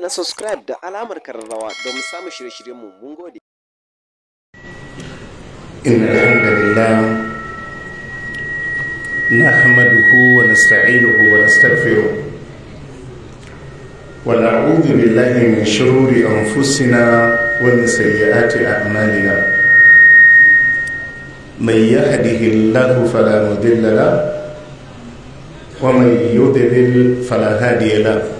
na subscribe da alamar kararrawa don samun shirye-shiryenmu mun gode. Ina alhamdulillah na hamaduhu wa nasta'inuhu wa nastaghfiru wa na'udhu billahi min shururi anfusina wa min sayyiati a'malina من يهده الله فلا مضل له ومن يضلل فلا هادي له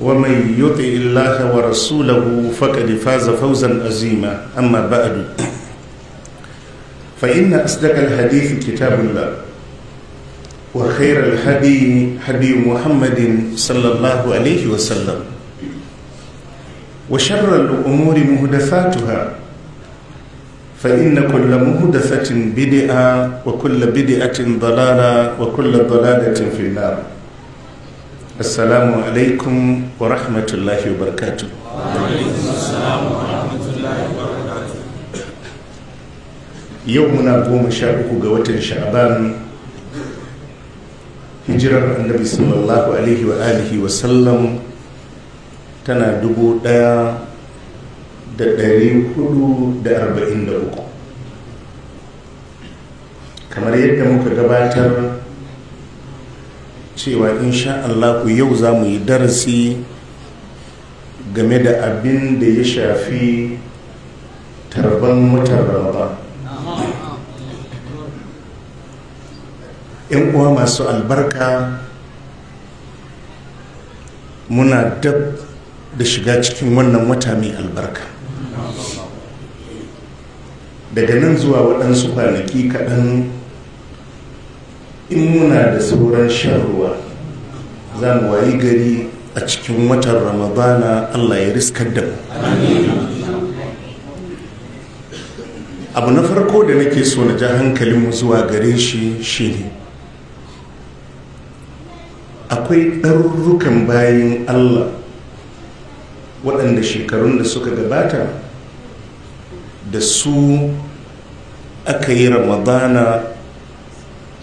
ومن يطع الله ورسوله فقد فاز فوزا عظيما اما بعد فان اصدق الحديث كتاب الله وخير الهدي هدي محمد صلى الله عليه وسلم وشر الامور محدثاتها فان كل محدثه بدعه وكل بدعه ضلاله وكل ضلاله في النار assalamu alaikum wa rahmatullahi wa barakatu yau muna goma sha uku ga watan sha'aban hijirar annabi sallallahu alaihi wa alihi wa sallam tana dubu daya da dari hudu da arba'in da uku kamar yadda muka gabatar cewa in insha allahu yau za mu yi darasi game da abin da ya shafi tarban watan yan uwa masu albarka muna dab da shiga cikin wannan wata mai albarka daga nan zuwa waɗansu kwanaki kaɗan in muna da sauran shan ruwa za mu wayi gari a cikin watan ramadana allah ya riskar da mu abu na farko da nake so na ja hankalinmu zuwa gare shi shine akwai ɗarurrukan bayan allah waɗanda shekarun da suka gabata da su aka yi ramadana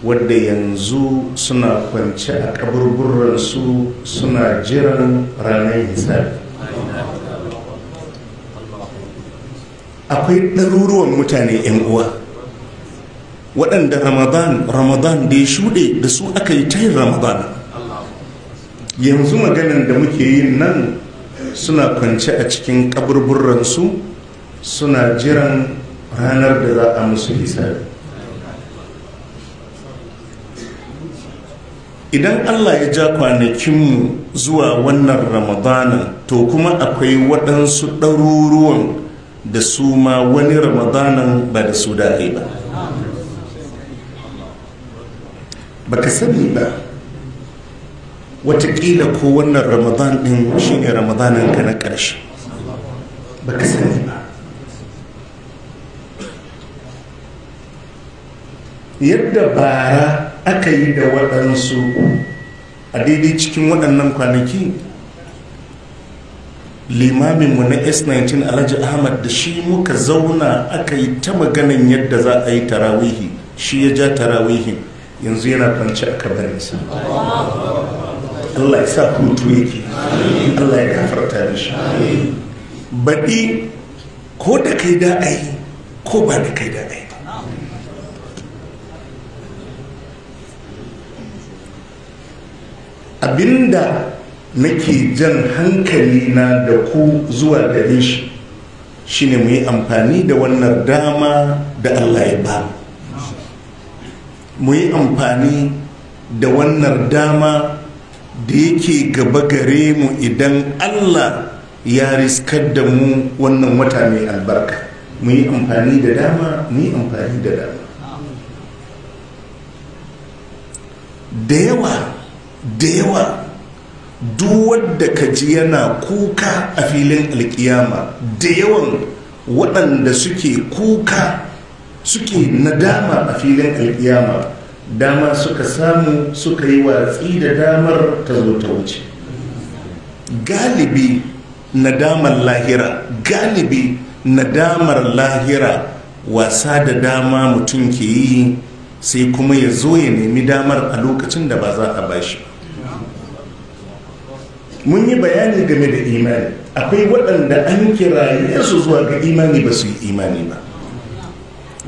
wadda yanzu suna kwance a kaburburansu suna jiran ranar hisabi akwai ɗaruruwan mutane 'yan uwa waɗanda ramadan ramadan da ya shuɗe da su aka yi tayin ramadan yanzu maganin da muke yin nan suna kwance a cikin kaburburansu suna jiran ranar da za a musu hisabi idan allah ya ja kwanakinmu zuwa wannan ramadana to kuma akwai waɗansu ɗaruruwan da su ma wani ramadanan ba da su da ba ba ka sani ba watakila ko wannan ramadan ɗin shine ramadanan ka na ƙarshe ba ka sani ba yadda bara aka yi da waɗansu a daidai cikin waɗannan kwanaki Limamin mu na s19 alhaji ahmad da shi muka zauna aka yi ta maganin yadda za a yi tarawihi shi ya ja tarawihi yanzu yana kwanci a kabarinsa allah ya sa hutu yake allah ya gafarta da shi baɗi ko da kai da a ko ba da kai da a abinda nake jan hankali na da ku zuwa gare shi shine mu yi amfani da wannan dama da allah ya ba mu amfani da wannan dama da yake gaba gare mu idan allah ya riskar da mu wannan wata mai albarka Muyi yi amfani da dama mu amfani da dama da yawa da yawa duk wadda ka ji yana kuka a filin alkiyama da yawan waɗanda suke kuka suke nadama a filin alkiyama dama suka samu suka yi watsi da damar ta zo ta wuce galibi nadamar lahira galibi nadamar lahira wasa da dama mutum ke yi sai kuma ya zo ya nemi damar a lokacin da ba za a bashi ba mun yi bayani game da imani akwai waɗanda an kira yesu zuwa ga imani ba su yi imani ba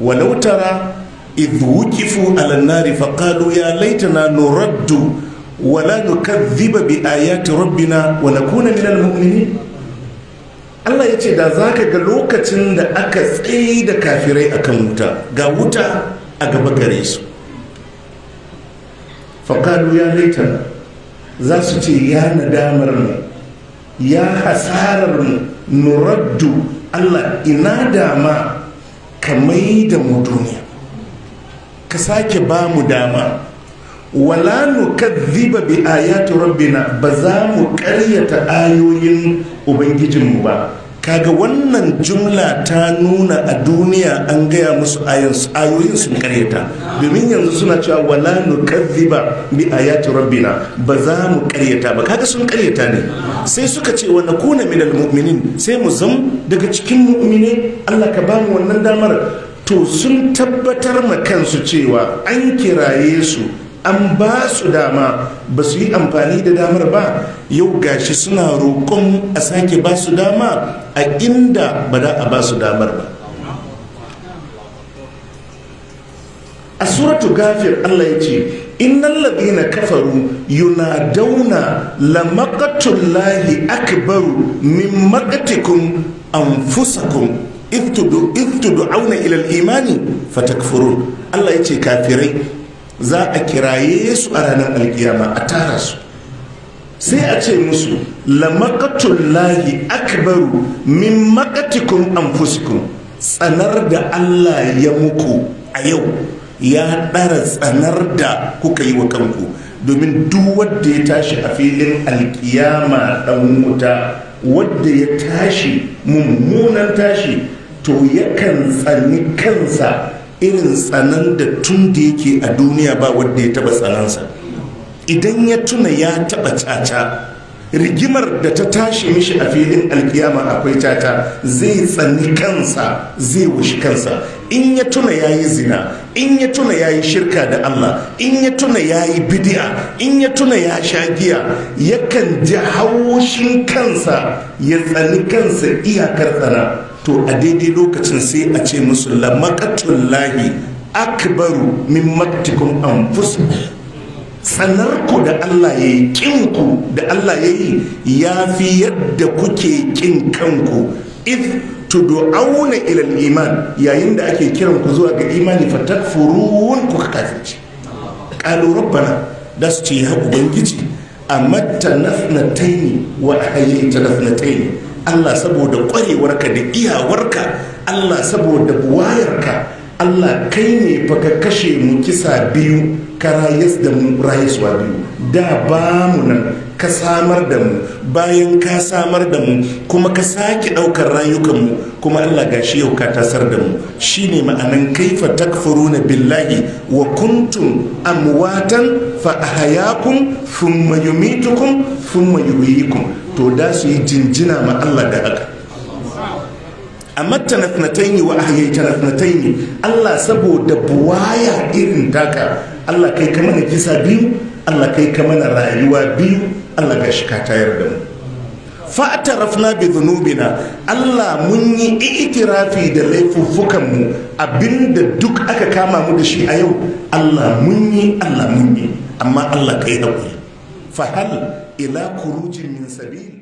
walau tara idh wuqifu ala nari faqalu ya na nuraddu wala nukadhiba bi ayati rabbina wa nakuna min almu'minin Allah ya ce da za ka ga lokacin da aka tsaye da kafirai akan wuta ga wuta a gaba gare su faƙalu ya laita. za su ce ya nadamar mu ya hasarar mu nuraddu allah ina dama ka mai da mu duniya ka sake ba mu dama wala nukadhiba bi ayati rabbina ba za mu karyata ayoyin ubangijinmu ba kaga wannan jumla ta nuna a duniya an gaya musu ayoyin sun karyata domin yanzu suna cewa wala nukadhiba bi ayati rabbina ba za mu karyata ba kaga sun karyata ne sai suka ce wa nakuna minal mu'minin sai mu zam daga cikin mu'mine Allah ka bamu wannan damar to sun tabbatar ma kansu cewa an kiraye su an ba su dama ba su yi amfani da damar ba yau gashi suna roƙon a sake ba su dama a inda ba za a ba su damar ba a suratu gafir allah ya ce innan ladina kafaru yunadauna lamakatullahi akbaru min makatikum anfusakum iftudu auna ilal imani fatakfurun allah ya ce kafirai za a kiraye su a ranar alkiyama a tara su sai a ce musu lamakatullahi akbaru min makatikum anfusikum tsanar da Allah ya muku a yau ya ɗara tsanar da kuka yi wa kanku domin duk wadda ya tashi a filin alkiyama ɗan wuta wadda ya tashi mummunan tashi to yakan tsani kansa irin tsanan da tun da yake a duniya ba wanda ya taba tsanansa idan ya tuna ya taba caca rigimar da ta tashi mishi a filin alkiyama akwai caca zai tsani kansa zai wushi kansa in ya tuna ya yi zina in ya tuna ya yi shirka da allah in ya tuna ya yi bidi'a in ya tuna ya sha giya yakan ji haushin kansa ya tsani kansa iyakar tsana to a daidai lokacin sai a ce musu lamakatun lahi akbaru min maktikun anfus sanarku da Allah ya yi kinku da Allah ya yi ya fi yadda kuke kin kanku if tudu'auna ilal iman yayin da ake kiran ku zuwa ga imani fatakfurun ku kafirci qalu rabbana da su ce ya ubangiji amatta nafnataini wa ahyayta nafnataini Allah saboda ƙwarewarka da iyawarka Allah saboda wayarka. Allah kai ne baka kashe mu kisa biyu ka rayas da mu rayaswa biyu da ba mu nan ka samar da mu bayan ka samar da mu kuma ka sake ɗaukar mu kuma allah gashi yau ka tasar da mu shine ma'anan kaifa takfuruna billahi wa kuntum amwatan fa ahyakum thumma yumitukum thumma yuhyikum to da su yi jinjina ma allah da haka amatta nathnataini wa ahyaita nathnataini allah saboda buwaya irin taka allah kai ka mana kisa biyu Allah kai ka mana rayuwa biyu Allah gashi ka tayar da mu fa'tarafna bi dhunubina Allah mun yi itirafi da laifuffukan mu abinda duk aka kama mu da shi a yau Allah mun yi Allah mun yi amma Allah kai hakuri fa hal ila kurujin min sabil